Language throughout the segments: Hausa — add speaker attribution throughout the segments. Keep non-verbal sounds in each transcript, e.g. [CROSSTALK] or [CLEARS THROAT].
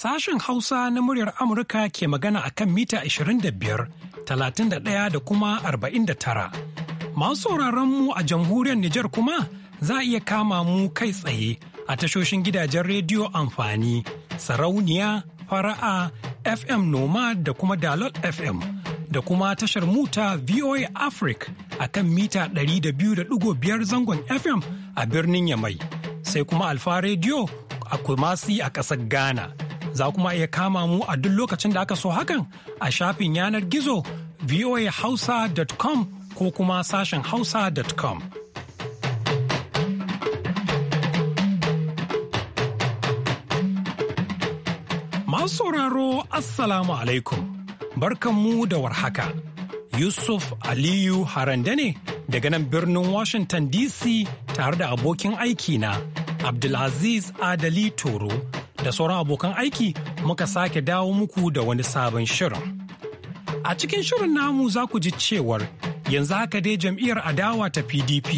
Speaker 1: Sashen Hausa na muryar Amurka ke magana a kan mita 25, 31 da kuma 49. Masu sauraron mu a jamhuriyar Nijar kuma za a iya kama mu kai tsaye a tashoshin gidajen rediyo amfani, sarauniya, fara'a, FM Noma da kuma Dalot FM da kuma tashar muta VOA Africa a kan mita 200.5 zangon FM a birnin Yamai, sai kuma Alfa Rediyo a Kumasi a ƙasar Ghana. Za kuma iya kama mu a duk lokacin da aka so hakan a shafin yanar gizo voahausa.com ko kuma sashen hausa.com. Masu sauraro Assalamu alaikum, mu da warhaka. Yusuf Aliyu haranda ne daga nan birnin Washington DC tare da abokin aiki na Abdulaziz Adali Toro da sauran abokan aiki muka sake dawo muku da wani sabon shirin. A cikin shirin namu za ku ji cewar yanzu haka dai jam'iyyar adawa ta PDP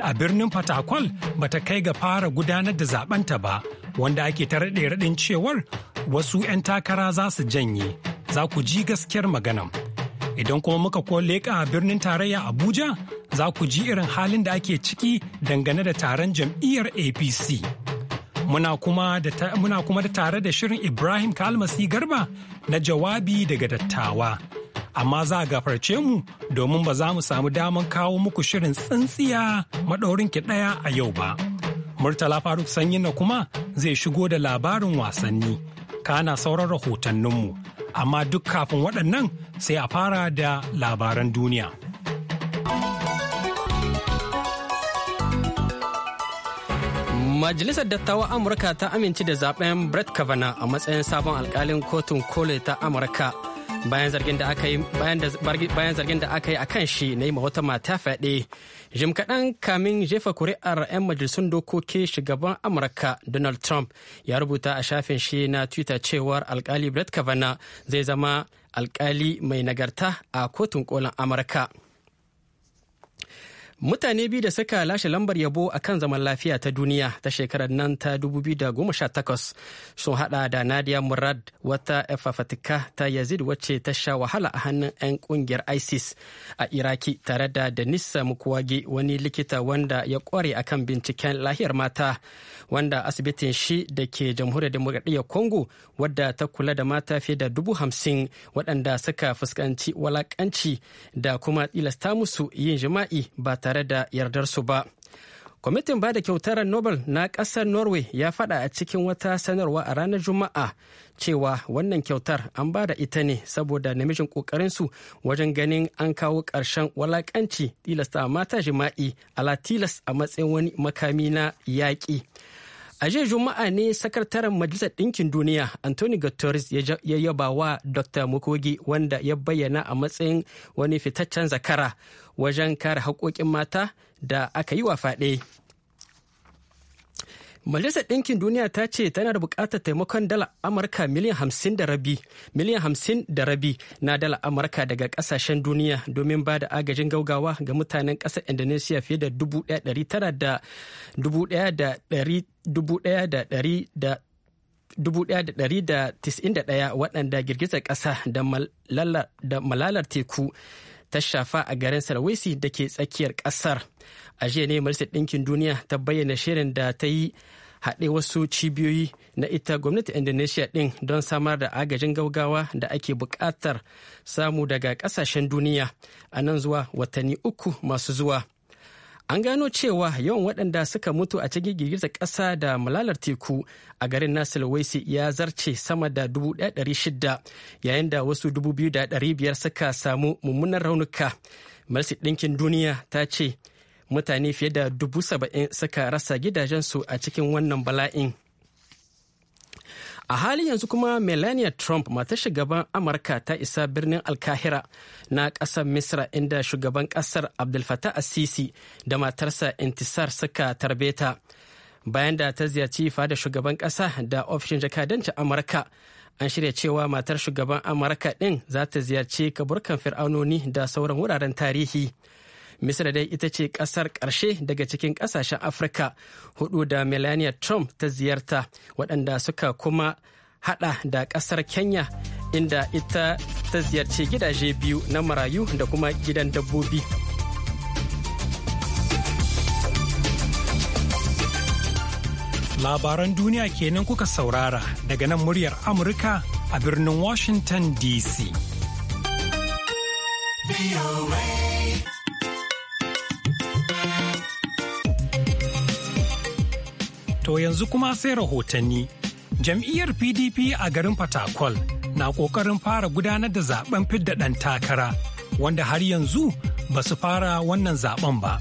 Speaker 1: a birnin Fatakwal bata kai ga fara gudanar da ta ba wanda ake ta raɗe-raɗin cewar wasu 'yan takara za su janye za ku ji gaskiyar maganan. Idan kuma muka leƙa birnin tarayya Abuja za ku ji irin halin da ake ciki dangane da taron jam'iyyar APC. Muna kuma da tare da shirin Ibrahim Kalmasi Garba na jawabi daga dattawa. Amma za a gafarce mu domin ba za mu samu damar kawo muku shirin tsintsiya maɗaurin ki ɗaya a yau ba. Murtala Faruk Sanyi na kuma zai shigo da labarin wasanni, kana sauran rahotanninmu. Amma duk kafin waɗannan sai a fara da labaran duniya.
Speaker 2: Majalisar Dattawan Amurka ta amince da zaben Brett Kavanaugh a matsayin sabon alkalin kotun kole ta Amurka. Bayan zargin da aka yi a kan akan shi na yi wata mata fyaɗe. Jim kaɗan kamin jefa kuri'ar 'yan majalisun dokoki shugaban Amurka Donald Trump ya rubuta a shafin shi na Twitter cewar alkali Brett Kavanaugh zai zama alkali mai nagarta a kotun kolin Amurka. Mutane biyu da suka lashe lambar yabo a kan zaman lafiya ta duniya ta shekarar nan ta 2018 sun hada da Nadia Murad wata fafatika ta Yazid wacce ta sha wahala a hannun 'yan kungiyar ISIS a Iraki tare da Denisa mukwagi wani likita wanda ya kware a kan binciken lahiyar mata wanda asibitin shi da ke jamhuriyar demokradiyyar Congo wadda ta kula da mata fiye da dubu hamsin waɗanda suka fuskanci walakanci da kuma tilasta musu yin jima'i ba tare da yardarsu ba. Kwamitin ba da kyautar Nobel na ƙasar Norway ya faɗa a cikin wata sanarwa a ranar Juma'a cewa wannan kyautar an ba da ita ne saboda namijin ƙoƙarinsu wajen ganin an kawo ƙarshen walaƙanci tilasta mata jima'i ala tilas a matsayin wani makami na yaƙi. A jiya Juma'a ne sakataren Majalisar Ɗinkin Duniya Anthony Guterres ya yaba wa Dr. Mukogi wanda ya bayyana a matsayin wani fitaccen zakara wajen kare haƙoƙin mata da aka yi wa faɗe. Majalisar Ɗinkin Duniya ta ce tana da buƙatar taimakon dala Amurka miliyan hamsin da rabi, miliyan hamsin da rabi na dala Amurka daga ƙasashen duniya domin ba da agajin gaugawa ga mutanen ƙasar Indonesia fiye da dubu ɗaya ɗari tara da dubu ɗaya da ɗari dubu ɗaya da ɗari da ɗaya waɗanda girgizar ƙasa da malalar teku ta shafa a garin Sulawesi da ke tsakiyar ƙasar. A jiya ne Majalisar Ɗinkin Duniya ta bayyana shirin da ta yi haɗe wasu cibiyoyi na ita gwamnati indonesia ɗin don samar da agajin gaugawa da ake buƙatar samu daga ƙasashen duniya a nan zuwa watanni uku masu zuwa an gano cewa yawan waɗanda suka mutu a cikin girgizar ƙasa da malalar teku a garin nasir waisi ya zarce sama da 1,600 yayin da wasu 2,500 suka samu mummunan raunuka Malsi Ɗinkin Duniya ta ce mutane fiye da dubu saba'in suka rasa gidajensu a cikin wannan bala'in a halin yanzu kuma melania trump matar shugaban amurka ta isa birnin alkahira na ƙasar misra inda shugaban ƙasar fattah asisi da matarsa intisar suka tarbe ta bayan da ta ziyarci fada shugaban ƙasa da ofishin jakadancin amurka an shirya cewa matar shugaban amurka ɗin za ta ziyarci kaburkan fir'aunoni da sauran wuraren tarihi misira dai ita ce kasar ƙarshe daga cikin ƙasashen afirka hudu da melania trump ta ziyarta waɗanda suka kuma hada da ƙasar kenya inda ita ta ziyarci gidaje biyu na marayu da kuma gidan dabbobi
Speaker 1: labaran duniya kenan kuka saurara daga nan muryar amurka a birnin washington dc To yanzu kuma sai rahotanni. Jam'iyyar PDP a garin Fatakwal na ƙoƙarin fara gudanar da zaben fidda ɗan takara, wanda har yanzu ba su fara wannan zaben ba.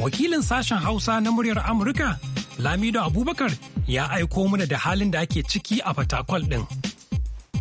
Speaker 1: Wakilin sashen Hausa na muryar Amurka, Lamido Abubakar ya aiko mana da halin da ake ciki a Fatakwal ɗin.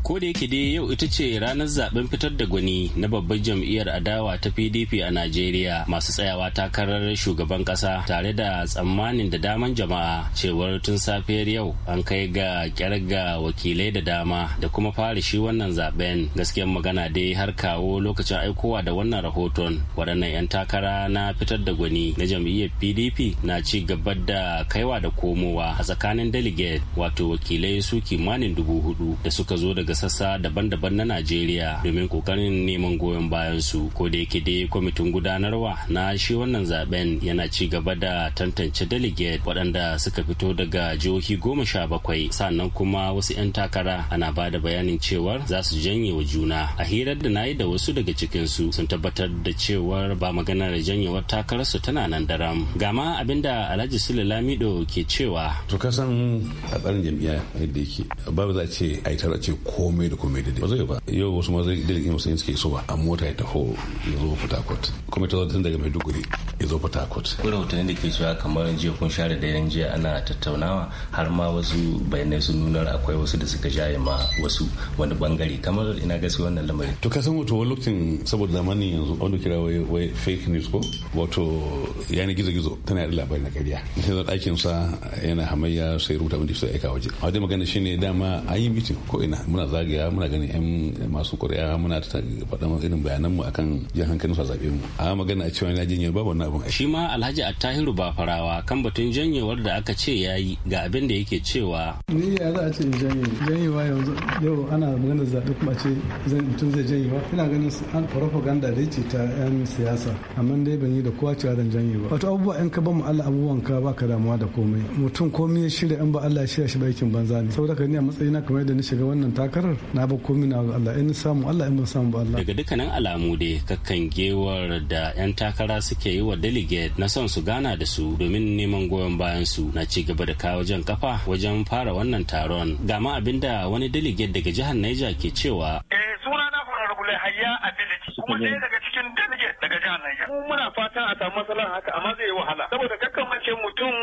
Speaker 1: ko da yake dai
Speaker 3: yau ita ce ranar zaben fitar da gwani na babbar jam'iyyar adawa ta pdp a najeriya masu tsayawa takarar shugaban kasa tare da tsammanin da daman jama'a cewar tun safiyar yau an kai ga kyarga wakilai da dama da kuma fara shi wannan zaben gaskiyar magana dai har kawo lokacin aikowa da wannan rahoton waɗannan 'yan takara na fitar da gwani na jam'iyyar pdp na ci gaba da kaiwa da komowa a tsakanin delegate wato wakilai su kimanin dubu hudu da suka zo daga daga sassa daban-daban na najeriya domin kokarin neman goyon bayansu su ko da yake dai kwamitin gudanarwa na shi wannan zaben yana ci gaba da tantance delegate waɗanda suka fito daga jihohi goma sha bakwai sannan kuma wasu 'yan takara ana ba da bayanin cewar za su janye wa juna a hirar da na yi da wasu daga cikinsu sun tabbatar da cewar ba magana maganar janyewar takararsu tana nan daram gama abinda alhaji sule lamido ke cewa
Speaker 4: to kasan a tsarin jam'iyya yadda yake babu za ce a yi ce ko komai da komai da ba zai ba yau wasu ma zai dalilin musulmi suke so ba a mota ya taho ya zo fita kot kuma ta zo tun daga maiduguri
Speaker 3: ya zo port harcourt ko rahotanni da ke cewa kamar jiya kun share da yan jiya ana tattaunawa har ma wasu bayanai sun nuna akwai wasu da suka jaye ma wasu wani bangare kamar ina gasi wannan lamarin
Speaker 4: to ka san wato wani lokacin saboda zamanin yanzu wanda kira wai fake news ko wato yana gizo-gizo tana da labarin na ƙarya sai da ɗakin sa yana hamayya sai rubuta da su aika waje a wajen magana shine dama an yi mitin ko ina muna zagaya muna gani yan masu kuri'a muna faɗan irin bayanan mu akan jin hankalin su a zaɓe mu a magana a cewa na janye ba wannan abin
Speaker 3: shi ma Alhaji Attahiru ba farawa kan batun janyewar da aka ce yayi ga abin da yake cewa
Speaker 5: ni ya za a ce janye janyewa yanzu yau ana magana zaɓe kuma ce zan tun zai janyewa ina ganin an propaganda da ce ta yan siyasa amma dai ban yi da kowa cewa zan janyewa wato abubuwa in ka ba mu Allah abubuwan ka ba ka damuwa da komai mutum komai ya shirya in ba Allah ya shirya shi ba yakin banza ne saboda ka ni a matsayina kamar yadda ni shiga wannan taka shekarar na ba komi na Allah in samu Allah in ba samu ba Allah
Speaker 3: daga dukkanin alamu da kakan gewar da yan takara suke yi wa delegate na son su gana da su domin neman goyon bayan su na ci gaba da kawo jan kafa wajen fara wannan taron ga ma abinda wani delegate daga jihar Niger ke cewa
Speaker 6: eh suna na fara hayya a kuma ɗaya daga cikin delegate daga jihar Niger muna fatan a samu matsalar haka amma zai yi wahala saboda kakkan mace mutum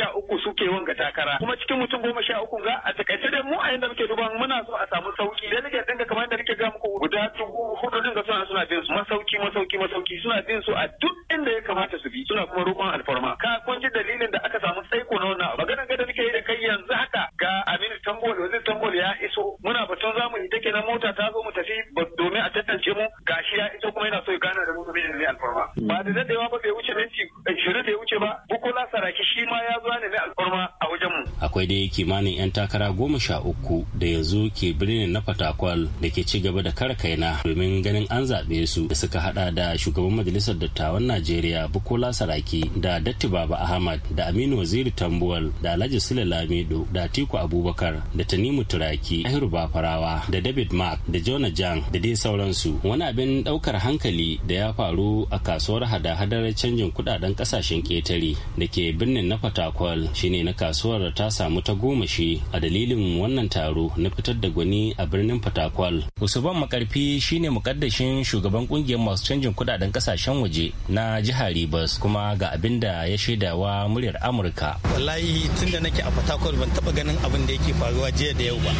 Speaker 6: sha uku suke wanga takara kuma cikin mutum goma sha uku ga a
Speaker 4: takaice da mu a yanda muke duba muna so a samu sauki da nake dinga kamar yadda nake ga muku guda dubu hudu ga suna suna bin su masauki masauki masauki suna bin su a duk
Speaker 5: inda ya kamata su bi suna kuma roƙon alfarma
Speaker 4: ka kun ji dalilin da aka samu
Speaker 5: tsaiko na wannan maganar
Speaker 6: ga da nake yi da kai yanzu haka ga Aminu Tambol wajen Tambol ya iso muna batun zamu yi take na mota ta zo mu tafi domin a tantance mu gashi ya iso
Speaker 3: kuma yana so ya gana da mu domin alfarma ba da dadewa ba bai wuce minti 20 da ya wuce ba Bukola Saraki shi ma ya zo ne na alfarma a mu. Akwai dai kimanin 'yan takara goma sha uku da yanzu ke birnin na Fatakwal da ke ci gaba da kara kaina domin ganin an zaɓe su da suka hada da shugaban majalisar dattawan Najeriya Bukola Saraki da Datti Baba Ahmad da Aminu Waziri Tambuwal da Alhaji Sule Lamido da Atiku Abubakar da Tanimu Turaki Ahiru Bafarawa da David Mark da Jonah Jang da dai sauransu. Wani abin ɗaukar hankali da ya faru a kasuwar hada-hadar canjin kudaden ƙasashen ƙetare da ke birnin na Fatakwal kwal shine na kasuwar ta samu ta goma shi a dalilin wannan taro na fitar da gwani a birnin fatakwal usman makarfi shine mukaddashin shugaban kungiyar masu canjin kudaden kasashen waje na jihar ribas kuma ga abin da ya shaidawa muryar amurka
Speaker 2: wallahi tunda nake a fatakwal
Speaker 3: ban taba ganin abin da yake faruwa jiya da yau ba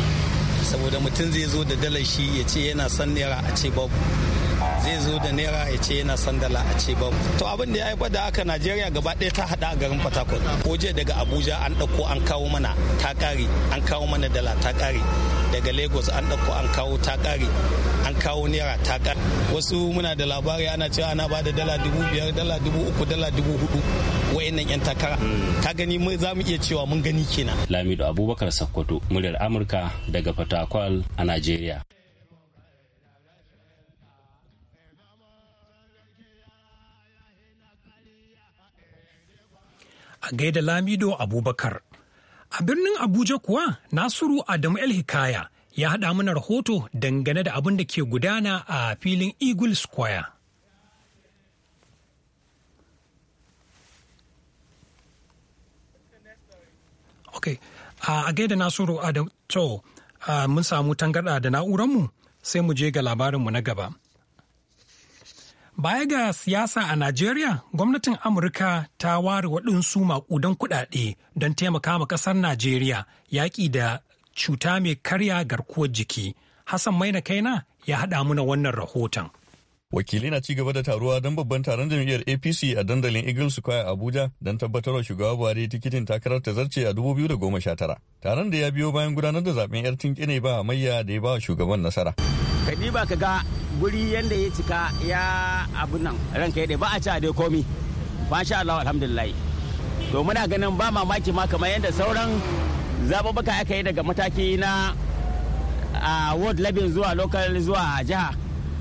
Speaker 3: saboda mutum zai zo da dalar shi ya ce yana son naira a ce babu zai zo da naira ya ce yana son dala a ce babu to abin da ya haifar da haka najeriya gaba ɗaya ta haɗa a garin fatakwal je daga abuja an ɗauko an kawo mana ta ƙare an kawo mana dala ta ƙare daga lagos an ɗauko an kawo ta ƙare an kawo naira ta ƙare wasu muna da labari ana cewa ana ba da dala dubu biyar dala dubu uku dala dubu hudu wayannan yan takara hmm. ka gani mai za mu iya cewa mun gani kenan lamido abubakar sakkwato muryar amurka daga fatakwal a najeriya
Speaker 1: gaida Lamido Abubakar. A birnin Abuja kuwa Nasiru Adamu El Hikaya ya haɗa mana rahoto dangane da abin da ke gudana a filin Eagle Square. Ok, a gaida Nasiru Adamu, to mun samu tangarɗa da na'uranmu sai mu je ga labarinmu na gaba. Baya ga siyasa a Najeriya, gwamnatin Amurka ta ware waɗansu maƙudan kuɗaɗe don taimaka ma ƙasar Najeriya yaƙi da cuta mai karya garkuwar jiki. Hassan Maina Kaina ya haɗa muna wannan rahoton. wakili na cigaba da taruwa don babban taron jam'iyyar apc
Speaker 7: a dandalin eagle square abuja don tabbatar wa shugaba buhari tikitin takarar ta zarce a 2019 taron da ya biyo bayan gudanar da zaben yar tinkine ba mayya da ya ba shugaban nasara
Speaker 3: ka diba ka ga guri yadda ya cika ya abu nan
Speaker 7: ranka yadda ba a ci a dai komi
Speaker 3: masha Allah alhamdulillah to muna ganin ba mamaki ma kamar yadda sauran zababaka aka yi daga mataki na a ward labin zuwa local zuwa jiha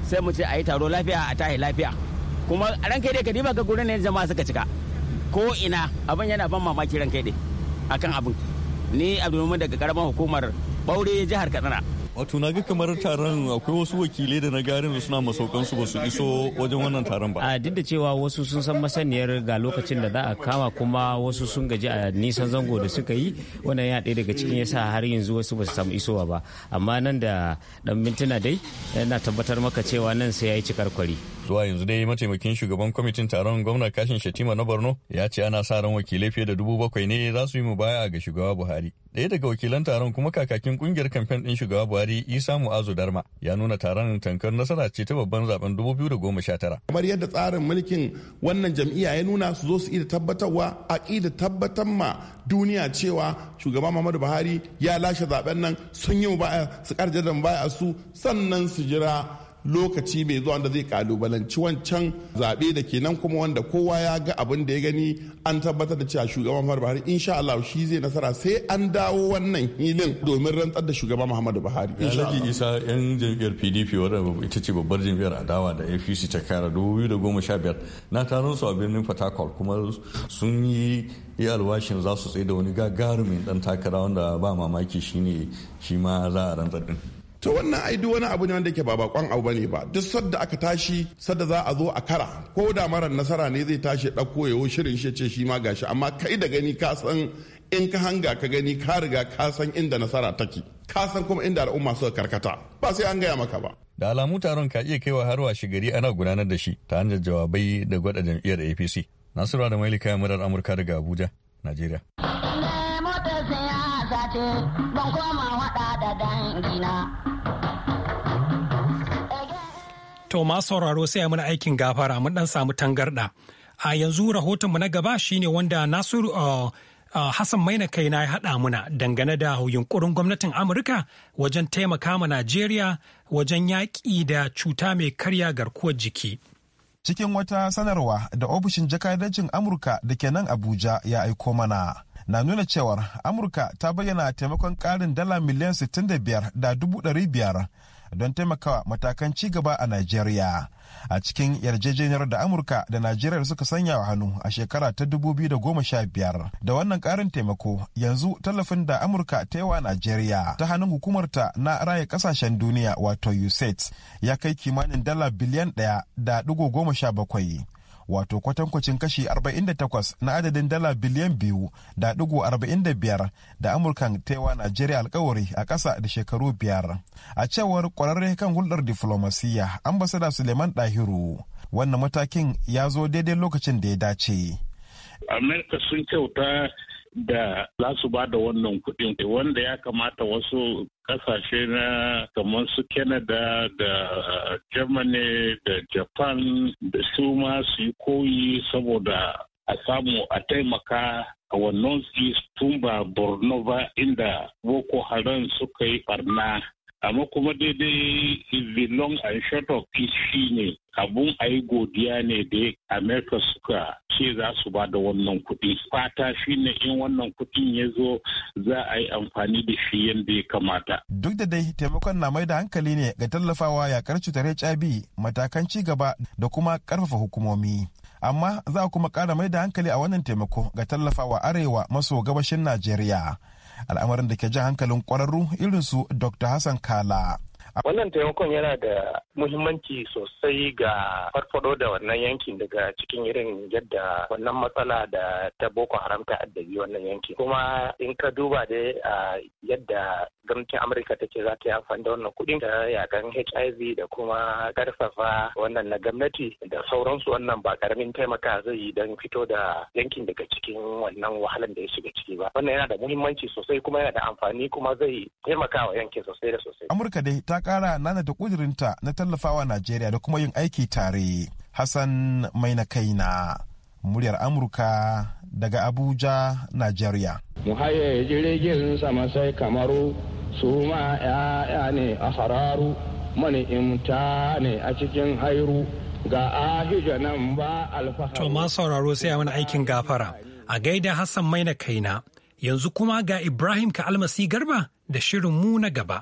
Speaker 3: sai mu ce a yi taro lafiya a tahi lafiya kuma ranka yadda ka diba ka gurin ne jama'a suka cika ko ina abin yana ban mamaki ranka yadda akan abin ni abdulmumin
Speaker 7: daga karamar hukumar baure jihar katsina wato na ga kamar taron akwai wasu wakilai da na garin suna masaukan su basu iso wajen wannan taron ba a duk da cewa wasu sun san
Speaker 3: masaniyar ga lokacin da za a kama kuma wasu sun gaji a nisan zango da suka yi wannan ya ɗaya daga cikin yasa har yanzu wasu basu samu isowa ba amma nan da dan mintuna dai
Speaker 7: yana tabbatar maka cewa nan sai ya yi cikar kwari Zuwa yanzu dai mataimakin shugaban kwamitin taron gwamna kashin Shatima na Borno ya ce ana sa ran wakilai fiye da dubu bakwai ne za su yi mu baya ga shugaba Buhari. Ɗaya daga wakilan taron kuma kakakin kungiyar kamfen ɗin shugaba Buhari Isa Mu'azu Darma ya nuna taron tankar nasara ce ta babban zaben dubu biyu da goma sha tara.
Speaker 5: Kamar yadda tsarin mulkin wannan jam'iyya ya nuna su zo su iya tabbatarwa a ƙida tabbatar ma duniya cewa shugaba Muhammadu Buhari ya lashe zaben nan sun yi mu baya su ƙarjar da mu baya su sannan su jira lokaci mai zuwa da zai kalubalanci wancan zaɓe da ke nan kuma wanda kowa ya ga abin da ya gani an tabbatar da cewa shugaban Muhammadu Buhari insha Allah shi zai nasara sai an dawo wannan hilin domin rantsar da shugaban Muhammadu Buhari. Alhaji
Speaker 7: Isa yan jam'iyyar PDP wadda ita ce babbar jam'iyyar adawa da APC ta kara biyar na taron su a birnin Fatakwal kuma sun yi yi alwashin za su tsaye da wani gagarumin dan takara
Speaker 5: wanda ba mamaki shine shi ma za a rantsar din. to wannan ai duk wani abu ne wanda yake ba bakon abu bane ba duk sadda aka tashi sadda za a zo a kara ko da marar nasara ne zai tashi ɗauko yawo shirin shi ce shi ma gashi amma kai da gani ka san in ka hanga ka gani ka riga ka san inda nasara take ka san kuma inda al'umma suka karkata ba sai an gaya maka ba
Speaker 7: da alamu taron ka iya kaiwa har washe gari ana gudanar da shi ta hanyar jawabai da gwada jam'iyyar apc nasiru da mailika murar amurka daga abuja najeriya
Speaker 8: zace don koma da dangina.
Speaker 1: To ma sauraro sai muna aikin gafara mun dan samu tangarɗa. A yanzu rahotonmu na gaba shine wanda Nasiru uh, uh, Hassan Maina kaina ya haɗa muna dangane da yunkurin gwamnatin Amurka wajen taimaka ma Najeriya wajen yaƙi da cuta mai karya garkuwar jiki.
Speaker 5: Cikin wata sanarwa da ofishin jakadancin Amurka da ke nan Abuja ya aiko mana. na nuna cewar amurka ta bayyana taimakon karin dala miliyan 65 da biyar don taimakawa matakan ci gaba a najeriya a cikin yarjejeniyar da amurka da najeriya suka sanya wa hannu a shekara ta 2015 da wannan karin taimako yanzu tallafin da amurka ta yi wa najeriya ta hannun hukumarta na raya kasashen duniya wato usaid ya kai kimanin dala biliyan ɗaya da digo goma sha bakwai wato kwatankwacin kashi 48 na adadin dala biliyan biyu da dugu 45 da amurkan taiwa najeriya alkawari a ƙasa da shekaru biyar a cewar kwararre kan hulɗar diflomasiyya ambasada suleiman dahiru wannan matakin ya zo daidai lokacin da ya dace
Speaker 4: amerika sun kyauta da za su ba da wannan
Speaker 6: kuɗin wanda ya kamata wasu kasashe na kamar su Canada da Germany da Japan da su ma su yi koyi saboda a samu a taimaka a wannan tun ba Borno ba inda Boko Haram suka yi barna amma kuma daidai the long and short of peace shine abun a yi godiya ne da amerika suka ce za su ba da wannan kuɗi fata shi ne in wannan kuɗin ya zo za
Speaker 3: a yi amfani da shi yadda ya kamata
Speaker 5: duk da dai taimakon na mai da hankali ne ga tallafawa yakar cutar hiv matakan ci gaba da kuma karfafa hukumomi amma za a kuma kara mai da hankali a wannan taimako ga tallafawa arewa maso gabashin najeriya al'amarin da ke jan hankalin kwararru su dr hassan kala Wannan taimakon yana
Speaker 3: da muhimmanci sosai ga farfado da wannan yankin daga cikin irin yadda wannan matsala da ta Boko Haram ta addabi wannan yankin. Kuma in ka duba dai a yadda gwamnatin Amurka take za ta yi amfani da wannan kuɗin da yakan HIV
Speaker 1: da kuma karfafa wannan na gwamnati da sauransu wannan ba karamin taimaka zai yi don fito da yankin daga cikin wannan wahalan da ya shiga ciki ba. Wannan yana da muhimmanci sosai kuma yana da amfani kuma zai taimaka wa yankin sosai da sosai.
Speaker 5: Amurka dai ta ta kara nanata kudirinta na tallafawa najeriya da kuma yin aiki tare hassan mai na kaina muryar amurka daga abuja najeriya
Speaker 6: mu haye jirgin sama sai kamaru su ma 'ya'ya ne a hararu mani
Speaker 1: imta ne a cikin hairu ga ahija nan ba alfahari to ma sauraro sai a wani aikin gafara a gaida hassan mai na kaina yanzu kuma ga ibrahim ka almasi garba da shirin mu na gaba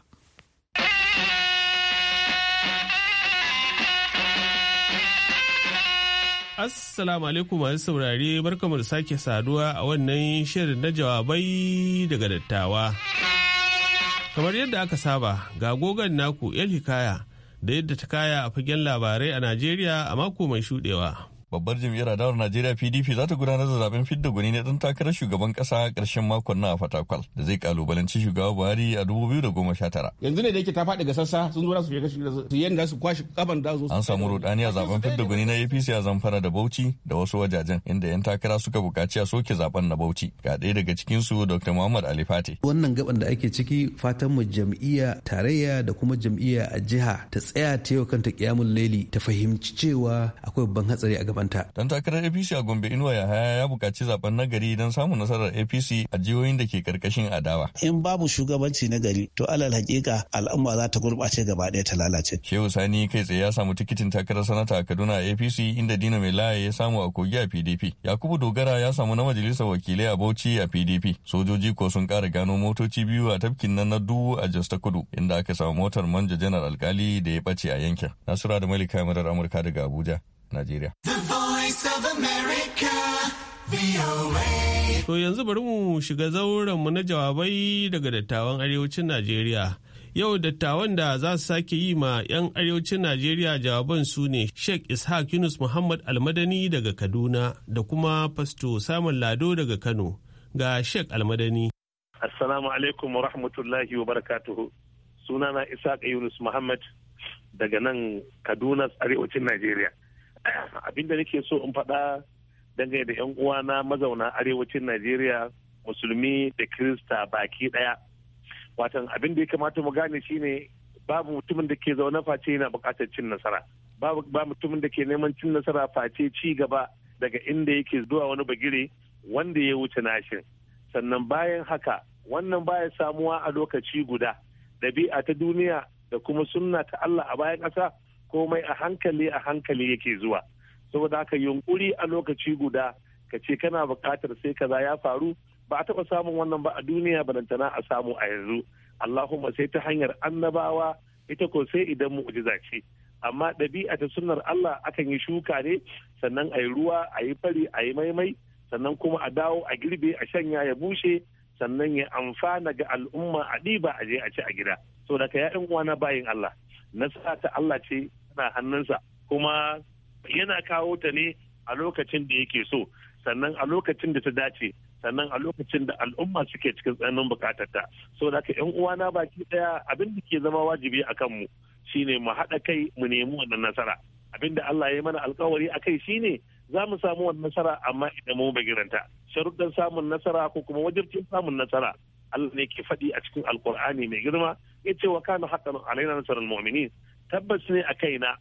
Speaker 9: Assalamu alaikum masu saurare barkamu da sake saduwa a wannan shirin na jawabai daga dattawa. Kamar yadda aka saba ga gogon naku 'yan hikaya da yadda ta kaya a fagen labarai a Najeriya a mako mai shudewa. Babbar jam'iyyar adawar
Speaker 7: Najeriya PDP za ta gudanar da zaben fidda gwani na dan takarar shugaban kasa karshen makon na a Fatakwal da zai kalubalanci shugaba Buhari a 2019.
Speaker 9: Yanzu ne da yake ta faɗi ga sassa sun zo su shiga su yanda su kwashi kaban da An samu rudani
Speaker 7: a zaben fidda gwani na APC a Zamfara da Bauchi da wasu wajajen inda 'yan takara suka buƙaci a soke zaben na Bauchi. Ga ɗaya daga cikin su Dr. Muhammad Ali Fati.
Speaker 5: Wannan gaban da ake ciki fatan mu jam'iyya tarayya da kuma jam'iyya a jiha ta tsaya ta yau kanta kiyamun leli ta fahimci cewa akwai babban hatsari a gaba shugabanta.
Speaker 7: Dan takarar APC a Gombe Inuwa Yahaya ya buƙaci zaben nagari don samun nasarar APC a jihohin da ke karkashin adawa.
Speaker 5: In babu shugabanci nagari to alal hakika al'umma za ta gurɓace gaba ɗaya ta lalace.
Speaker 7: Shehu Sani kai tsaye ya samu tikitin takarar sanata a Kaduna a APC inda dina mai Laye ya samu a Kogi a PDP. Yakubu Dogara ya samu na majalisar wakilai a Bauchi a PDP. Sojoji ko sun ƙara gano motoci biyu a tafkin nan na Duwu a Jos ta Kudu inda aka samu motar manja janar alkali da ya ɓace a yankin. Nasura da Malika Murar Amurka daga Abuja. Najeriya.
Speaker 9: To yanzu bari mu shiga zaurenmu na jawabai daga dattawan arewacin Najeriya. Yau dattawan da za su sake yi ma 'yan arewacin Najeriya jawaban su ne Sheikh Ishaq Yunus Muhammad Almadani daga Kaduna da kuma Fasto Samun Lado daga Kano ga Sheikh Almadani.
Speaker 4: Assalamu alaikum wa rahmatullahi wa barakatuhu. Sunana Ishaq Yunus Muhammad daga nan Kaduna arewacin Najeriya. [CLEARS THROAT] abinda nake so in faɗa dangane da 'yan uwana mazauna arewacin najeriya musulmi da krista baki ɗaya watan abin da ya kamata mu gane shine babu mutumin da ke zaune face yana buƙatar cin nasara babu mutumin da ke neman cin nasara face ci gaba daga inda yake zuwa wani bagire wanda ya wuce nashin sannan bayan haka wannan baya samuwa a lokaci guda ɗabi'a ta duniya da kuma sunna ta Allah a bayan ƙasa komai a hankali a hankali yake zuwa saboda haka yunkuri a lokaci guda ka ce kana buƙatar sai kaza ya faru ba a taɓa samun wannan ba a duniya balantana a samu a yanzu allahumma sai ta hanyar annabawa ita ko sai idan mu'jiza ce amma ɗabi'a ta sunnar allah akan yi shuka ne sannan a yi ruwa a yi fari a yi maimai sannan kuma a dawo a girbe a shanya ya bushe sannan ya amfana ga al'umma a ɗiba a je a ci a gida saboda ka ya'yan uwa na bayin allah nasara ta Allah ce na hannunsa kuma yana kawo ta ne a lokacin da yake so sannan a lokacin da ta dace sannan a lokacin da al'umma suke cikin tsananin ta so da ka yan uwana baki daya abin da ke zama wajibi a kanmu shine mu haɗa kai mu nemi wannan nasara abin da Allah ya mana alkawari a kai shine za mu samu wannan nasara amma idan mu ba giranta sharuɗan samun nasara ko kuma wajibcin samun nasara Allah ne ke faɗi a cikin alkur'ani mai girma ya ce wa kana haƙan alaina nasarar mu'minin tabbas ne a kai na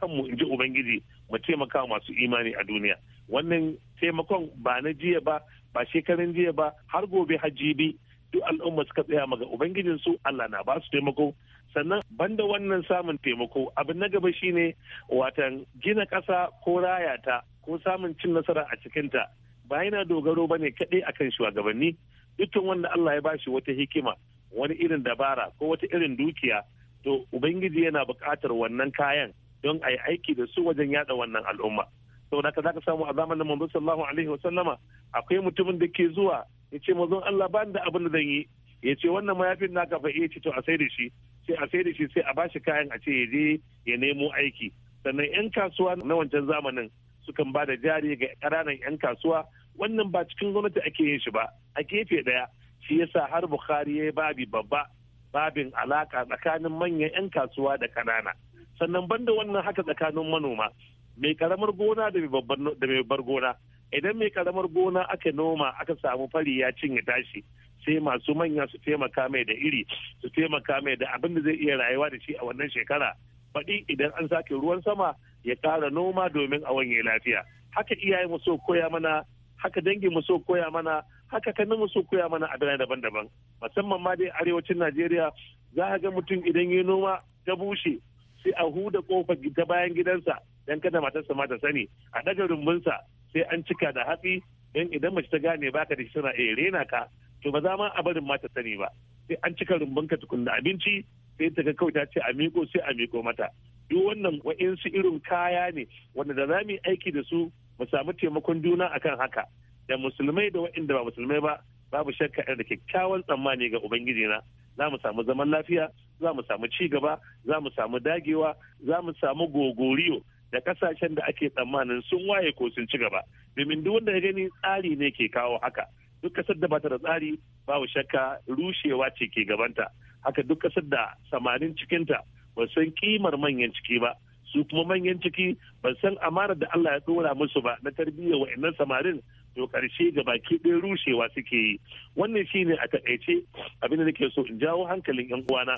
Speaker 4: kanmu in ji ubangiji mu taimaka masu imani a duniya wannan taimakon ba na jiya ba ba shekarun jiya ba har gobe hajji bi duk al'umma suka tsaya maga ubangijin su Allah na ba su taimako sannan banda wannan samun taimako abin na gaba shine watan gina ƙasa ko raya ta ko samun cin nasara a cikinta ba yana dogaro ba ne kaɗai akan shugabanni dukkan wanda Allah ya bashi wata hikima wani irin dabara ko wata irin dukiya to ubangiji yana buƙatar wannan kayan don a yi aiki da su wajen yada wannan al'umma saboda za ka samu a zamanin manzo sallallahu alaihi wa sallama akwai mutumin da ke zuwa ya ce mazon Allah ba da abin da zan yi ya ce wannan mayafin na kafa iya eh, ce to a sai da shi sai a sai da shi sai a bashi kayan a ce ya je ya nemo aiki sannan yan kasuwa na wancan zamanin sukan ba da jari ga ƙananan yan kasuwa wannan ba cikin gwamnati ake yin shi ba a gefe ɗaya shi yasa har bukhari ya yi babi babba babin alaka tsakanin manyan 'yan kasuwa da kanana sannan banda wannan haka tsakanin manoma mai karamar gona da mai bar gona idan mai karamar gona aka noma aka samu fari ya cinye tashi sai masu manya su taimaka mai da iri su taimaka mai da abin da zai iya rayuwa da shi a wannan shekara baɗi idan an sake ruwan sama ya ƙara noma domin a wanye lafiya haka iyaye mu so koya mana haka dangi mu so koya mana haka kan namu su koya mana a birane daban-daban musamman ma dai arewacin najeriya za a ga mutum idan ya noma ta bushe sai a huda kofa ta bayan gidansa dan kada matarsa ma ta sani a ɗaga rumbunsa sai an cika da hatsi dan idan mace ta gane baka da shi tana iya rena ka to ba za ma a barin ma ta sani ba sai an cika rumbunka tukunna abinci sai ta ga kawai ta ce a miko sai a miko mata duk wannan wa'insu irin kaya ne wanda da za mu yi aiki da su mu samu taimakon juna akan haka da musulmai da waɗanda ba musulmai ba babu shakka da kyakkyawan tsammani ga ubangiji na za mu samu zaman lafiya za mu samu ci gaba za mu samu dagewa za mu samu gogoriyo da kasashen da ake tsammanin sun waye ko sun ci gaba domin duk wanda ya gani tsari ne ke kawo haka duk kasar da bata da tsari babu shakka rushewa ce ke gabanta haka duk kasar da samanin cikinta ba san kimar manyan ciki ba su kuma manyan ciki ba san amarar da Allah ya dora musu ba na tarbiyyar wa'annan samarin to ƙarshe ga baki ɗaya rushewa suke yi wannan shine a takaice abin da nake so in jawo hankalin 'yan uwana.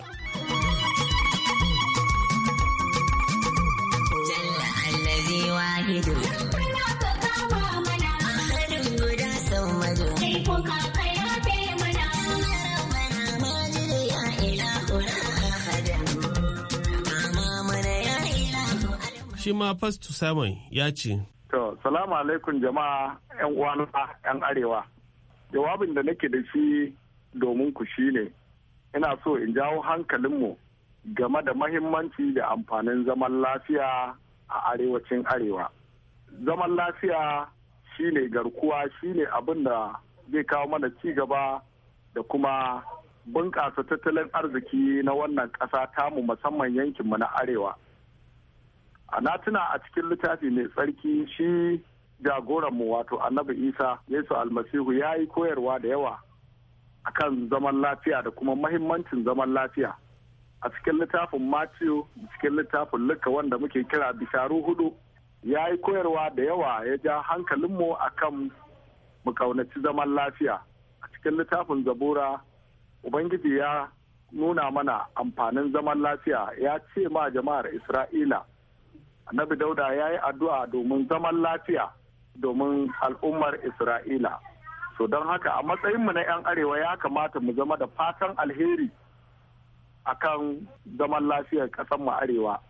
Speaker 9: Jalla allazi Shi ma Fasto Simon ya ce,
Speaker 6: To, salamu alaikum jama'a 'yan uwana 'yan arewa. Jawabin da nake da shi domin ku shi ne, ina so in jawo hankalinmu game da mahimmanci da amfanin zaman lafiya a arewacin arewa. Zaman lafiya shi ne garkuwa shi ne abin da zai kawo mana ci gaba da kuma bunƙasa tattalin arziki na wannan ƙasa tamu musamman yankinmu na arewa. na tuna a cikin littafi mai tsarki shi jagoranmu wato annabi isa yesu almasihu ya yi koyarwa da yawa akan zaman lafiya da kuma mahimmancin zaman lafiya a cikin littafin matthew cikin littafin luka wanda muke kira bisharu hudu ya yi koyarwa da yawa ya ja hankalinmu akan mu kaunaci zaman lafiya a cikin littafin zabura ubangiji ya nuna mana amfanin zaman lafiya ya ce ma jama'ar isra'ila annabi dauda ya yi addu'a domin zaman lafiya domin al'ummar isra'ila so don haka a matsayinmu na 'yan arewa ya kamata mu zama da fatan alheri akan zaman lafiyar mu arewa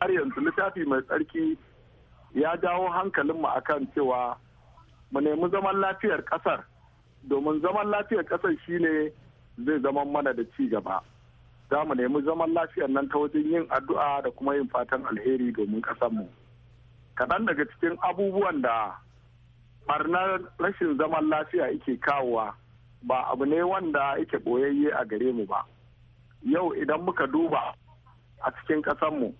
Speaker 6: har yanzu littafi mai tsarki ya jawo hankalinmu akan cewa mu nemi zaman lafiyar kasar domin zaman lafiyar ƙasar shine zai zama mana da ci gaba. za mu nemi zaman lafiyar nan ta wajen yin addu'a da kuma yin fatan alheri domin ƙasarmu. Kaɗan daga cikin abubuwan da barnar rashin zaman lafiya yake kawowa ba abu ne wanda yake ɓoyayye a gare mu ba. Yau idan muka duba a cikin ƙasarmu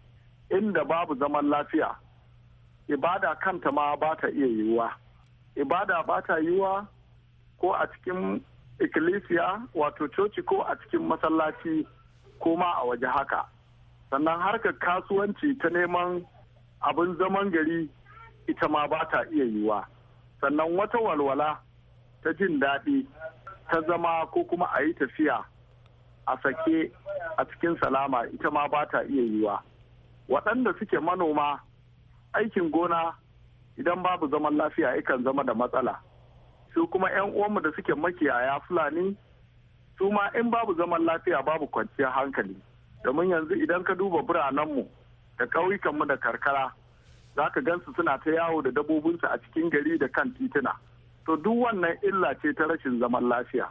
Speaker 6: inda babu zaman lafiya, ibada kanta ma ba ta iya yiwuwa. Ibada ba ta yiwuwa ko a cikin ikkilisiya wato coci ko a cikin masallaci Koma a waje haka sannan harkar kasuwanci ta neman abin zaman gari ita ma ba ta iya yiwa sannan wata walwala ta jin daɗi ta zama ko kuma a yi tafiya a sake a cikin salama ita ma ba ta iya yiwa waɗanda suke manoma aikin gona idan babu zaman lafiya yakan zama da matsala su kuma 'yan uwanmu da suke makiyaya fulani su ma in babu zaman lafiya babu kwanciyar hankali domin yanzu idan ka duba biranenmu da ƙauyukanmu da karkara za ka gansu suna ta yawo da dabobinsu a cikin gari da kan titina to duk wannan illa ce ta rashin zaman lafiya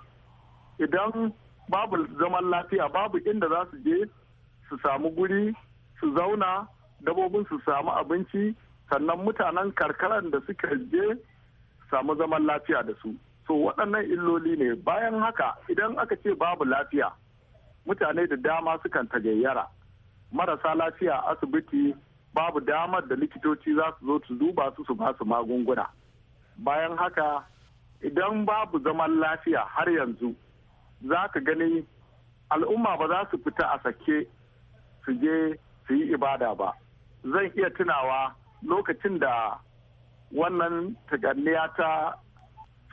Speaker 6: idan babu zaman lafiya babu inda za su je su samu guri su zauna dabobin su samu abinci sannan mutanen karkaran da suka je samu zaman lafiya da su so waɗannan illoli ne bayan haka idan aka ce babu lafiya mutane da dama sukan tagayyara marasa lafiya asibiti babu damar da likitoci za su zo su duba su su ba su magunguna bayan haka idan babu zaman lafiya har yanzu za ka gani al'umma ba za su fita a sake su je su yi ibada ba zan iya tunawa lokacin da wannan taganniya ta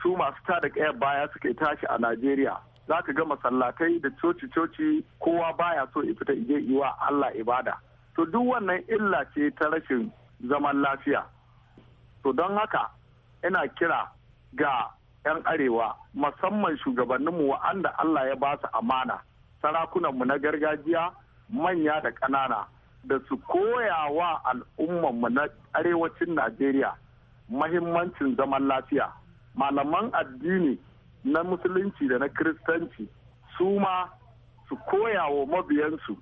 Speaker 6: su masu tada kayar baya suke tashi a najeriya za ka ga masallatai da coci-coci kowa baya so ya fita ije yi wa allah ibada to duk wannan illa ce ta rashin zaman lafiya to don haka ina kira ga 'yan arewa musamman shugabanninmu wa'anda allah ya ba su amana sarakunanmu na gargajiya manya da ƙanana da su koya wa al'ummanmu na arewacin najeriya mahimmancin zaman lafiya malaman addini na musulunci da na kiristanci su ma su koya wa mabiyansu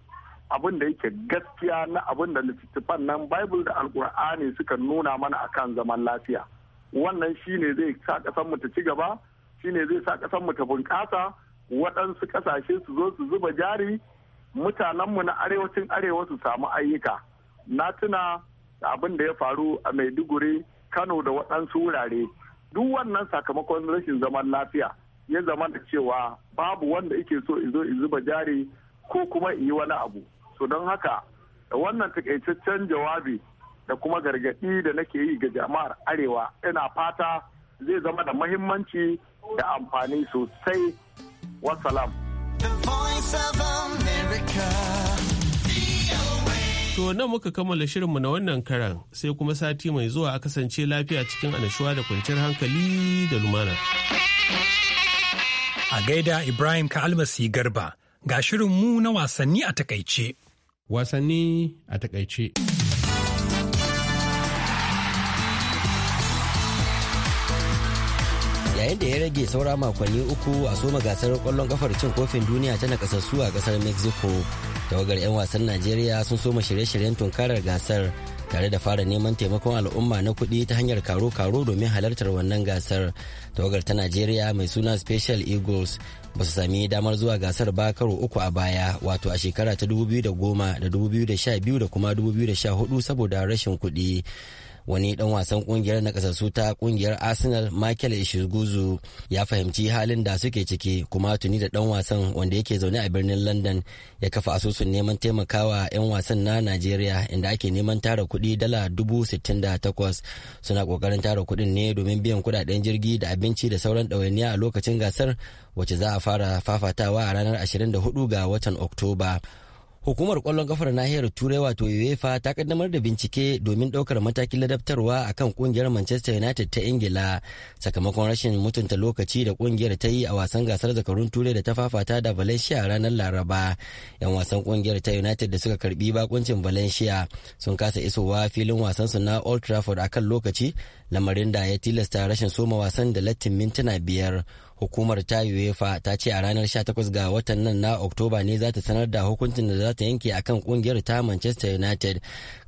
Speaker 6: abin da yake gaskiya na abin da littattafan nan bible da alkur'ani suka nuna mana a kan zaman lafiya wannan shine zai sa ƙasar mu ta ci gaba shine zai sa ƙasar mu ta bunƙasa waɗansu ƙasashe su zo su zuba jari mutanenmu na arewacin arewa su samu ayyuka na tuna abin da ya faru a maiduguri kano da waɗansu wurare duk wannan sakamakon rashin zaman lafiya ya zama da cewa babu wanda ike so izo zuba jari ko kuma in yi wani abu to don haka da wannan takaitaccen jawabi da kuma gargaɗi da nake yi ga jama'ar arewa ina fata zai zama da mahimmanci da amfani sosai wasalam
Speaker 7: The voice of America.
Speaker 6: To nan muka
Speaker 9: kammala shirinmu na wannan karan sai kuma sati mai zuwa a kasance lafiya cikin anashuwa da kwanciyar
Speaker 1: hankali da lumana. A gaida Ibrahim ka almasi garba ga shirinmu na wasanni a takaice. Wasanni a takaice.
Speaker 8: yayin da ya rage saura makonni uku a soma gasar kwallon kafar cin kofin duniya ta nakasassu a kasar mexico tawagar 'yan wasan najeriya sun soma shirye-shiryen tunkarar gasar tare da fara neman taimakon al'umma na kuɗi ta hanyar karo-karo domin halartar wannan gasar tawagar ta najeriya mai suna special eagles ba su sami damar zuwa gasar ba karo uku a baya wato a shekara ta 2010 da 2012 da kuma 2014 saboda rashin kuɗi wani dan wasan kungiyar na ta kungiyar arsenal michael ishiguzu ya fahimci halin da suke ciki kuma tuni da dan wasan wanda yake zaune a birnin london ya kafa asusun neman taimakawa 'yan wasan na nigeria inda ake neman tara kudi dala dubu sittin da takwas suna kokarin tara kudin ne domin biyan kudaden jirgi da abinci da sauran ɗawainiya a lokacin gasar wacce za a fara fafatawa a ranar 24 ga watan oktoba Hukumar kwallon kafar nahiyar Turai wato UEFA ta kaddamar da bincike domin ɗaukar matakin ladabtarwa a kan kungiyar Manchester United ta Ingila sakamakon rashin mutunta lokaci da kungiyar ta yi a wasan gasar zakarun Turai da ta fafata da Valencia a ranar Laraba. 'Yan wasan kungiyar ta United da suka karbi bakuncin Valencia sun kasa isowa filin wasan su na Old Trafford kan lokaci lamarin da ya tilasta rashin soma wasan da Latin mintuna biyar. hukumar ta uefa ta ce a ranar 18 ga watan nan na oktoba ne za ta sanar da hukuncin da za ta yanke akan kungiyar ta manchester united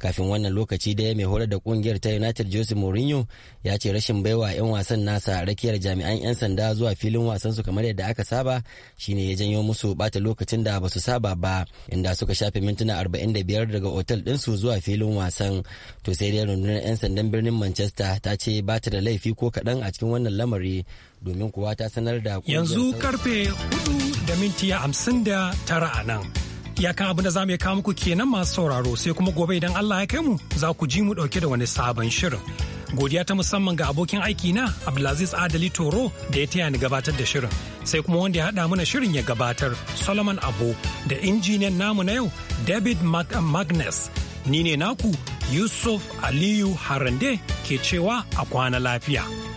Speaker 8: kafin wannan lokaci da mai horar da kungiyar ta united jose mourinho ya ce rashin baiwa 'yan wasan nasa rakiyar jami'an 'yan sanda zuwa filin wasansu kamar yadda aka saba shine ya janyo musu bata lokacin da ba su saba ba inda suka shafe mintuna 45 daga otal su zuwa filin wasan to sai dai rundunar 'yan sandan birnin manchester ta ce ba ta da laifi ko kaɗan a cikin wannan lamari domin kuwa ta sanar da yanzu
Speaker 1: karfe 4 da minti tara a nan kan abin da za mu iya kawo muku kenan masu sauraro sai kuma gobe idan Allah ya kai mu za ku ji mu dauke da wani sabon shirin godiya ta musamman ga abokin aiki na Abdulaziz Adali Toro da ya taya ni gabatar da shirin sai kuma wanda ya haɗa mana shirin ya gabatar Solomon Abo da injiniyan namu na yau David Magnus ni ne naku Yusuf Aliyu Harande ke cewa a kwana lafiya.